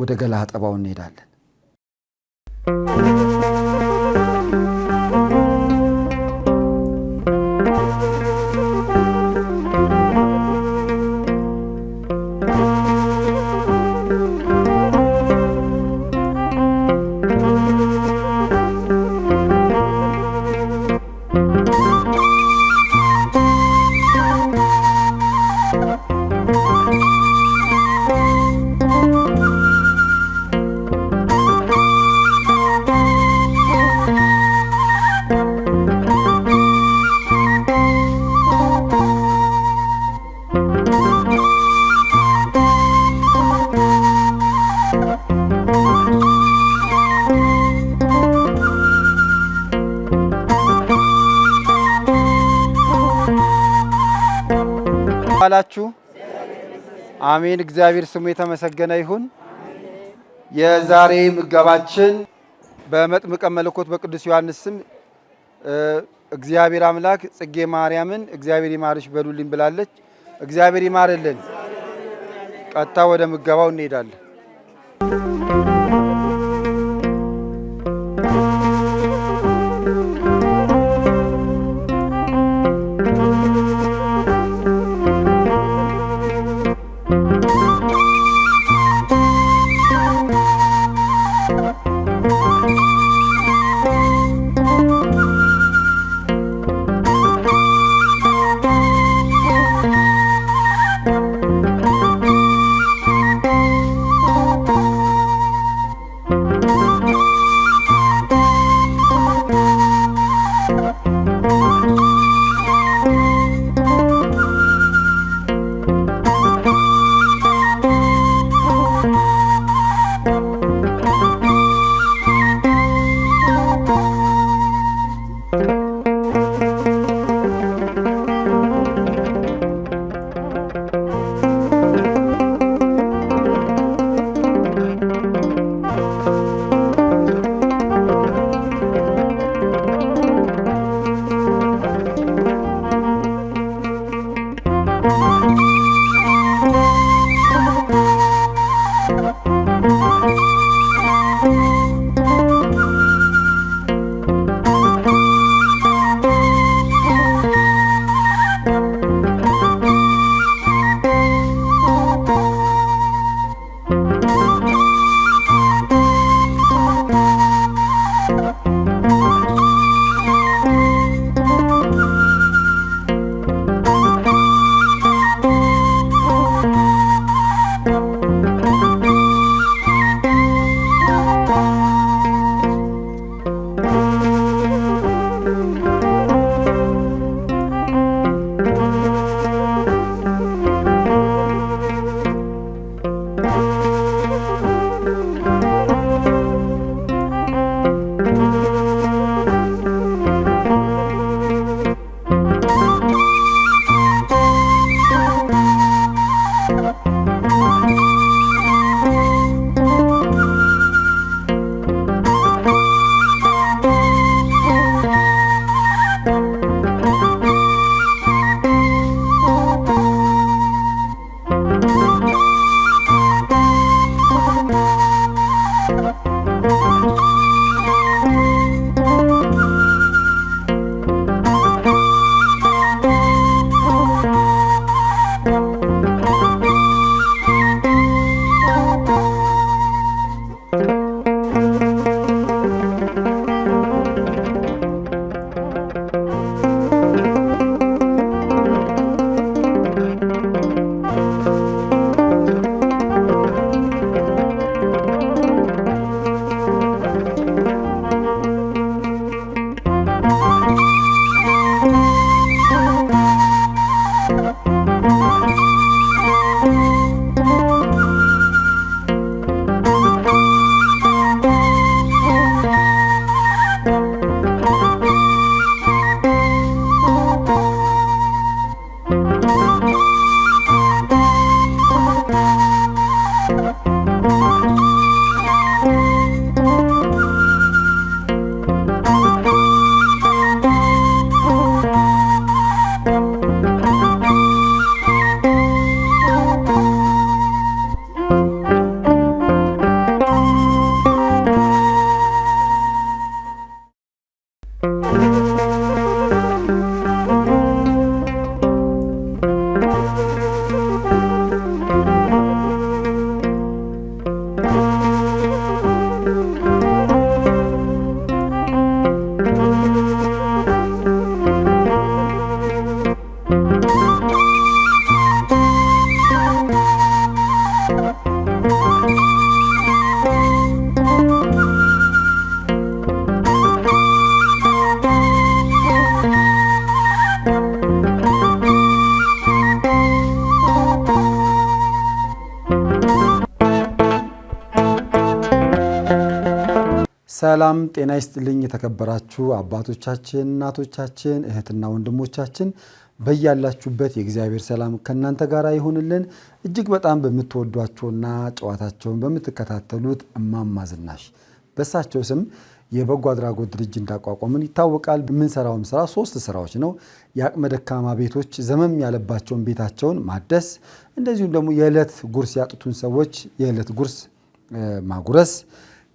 ወደ ገላ አጠባውን እንሄዳለን። አላችሁ? አሜን። እግዚአብሔር ስሙ የተመሰገነ ይሁን። የዛሬ ምገባችን በመጥምቀ መለኮት በቅዱስ ዮሐንስ ስም እግዚአብሔር አምላክ ጽጌ ማርያምን እግዚአብሔር ይማርሽ በሉልኝ ብላለች። እግዚአብሔር ይማርልን። ቀጥታ ወደ ምገባው እንሄዳለን። ሰላም ጤና ይስጥልኝ። የተከበራችሁ አባቶቻችን፣ እናቶቻችን፣ እህትና ወንድሞቻችን በያላችሁበት የእግዚአብሔር ሰላም ከእናንተ ጋር ይሁንልን። እጅግ በጣም በምትወዷቸውና ጨዋታቸውን በምትከታተሉት እማማ ዝናሽ በሳቸው ስም የበጎ አድራጎት ድርጅት እንዳቋቋምን ይታወቃል። የምንሰራውም ስራ ሶስት ስራዎች ነው። የአቅመ ደካማ ቤቶች ዘመም ያለባቸውን ቤታቸውን ማደስ፣ እንደዚሁም ደግሞ የዕለት ጉርስ ያጡትን ሰዎች የዕለት ጉርስ ማጉረስ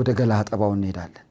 ወደ ገላ አጠባው እንሄዳለን።